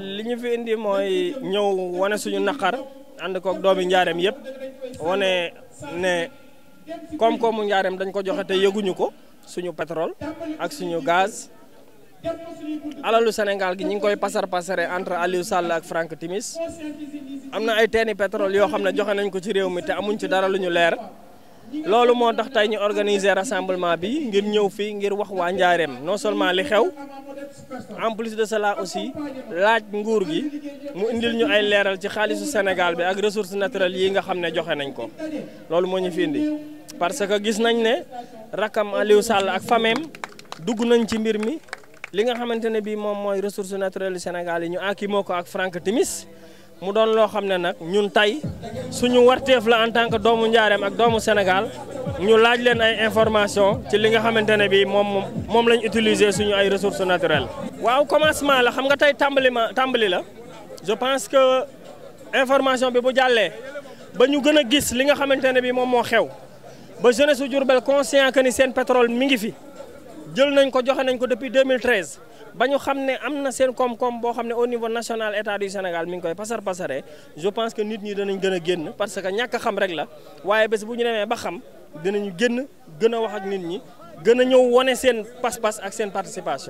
li ñu fi indi mooy ñëw wane suñu naqar ànd koog doomi njaareem yëpp wane ne koom-koomu njaareem dañ ko joxe te yëguñu ko suñu pétrole ak suñu gaz. alalu Sénégal gi ñu ngi koy pasar pasare entre Aliou Sall ak Frank Timis am na ay teeni pétrole yoo xam ne joxe nañ ko ci réew mi te amuñ ci dara lu ñu leer. loolu moo tax tey ñu organiser rassemblement bi ngir ñëw fii ngir wax waa njaareem non seulement li xew. en plus de cela aussi laaj nguur gi mu indil ñu ay leeral ci xaalisu Sénégal bi ak ressources naturelles yi nga xam ne joxe nañ ko loolu moo ñu fi indi parce que gis nañ ne rakam Aliou sàll ak fameem dugg nañ ci mbir mi li nga xamante ne bii moom mooy ressources naturelles yu Sénégal yi ñu akimoo ko ak Frank Timis mu doon loo xam ne nag ñun tey suñu warteef la en tant que doomu Njaareem ak doomu Sénégal ñu laaj leen ay information ci li nga xamante ne bii moom moom lañu utiliser suñu ay ressources naturelles. waaw commencement la xam nga tey tàmbali ma tàmbali la je pense que information bi bu jàllee ba ñu gën a gis li nga xamante ne moom moo xew ba jeunesse su Diourbel conscient que ni seen pétrole mi ngi fi jël nañ ko joxe nañ ko depuis 2013. ba ñu xam ne am na seen koom-koom boo xam ne au niveau national état du Sénégal mi ngi koy pasar pasare je pense que nit ñi danañ gën a génn parce que ñàkk xam rek la waaye bés bu ñu demee ba xam. dinañu génn gën a wax ak nit ñi gën a ñëw wane seen pas-pas ak seen participation.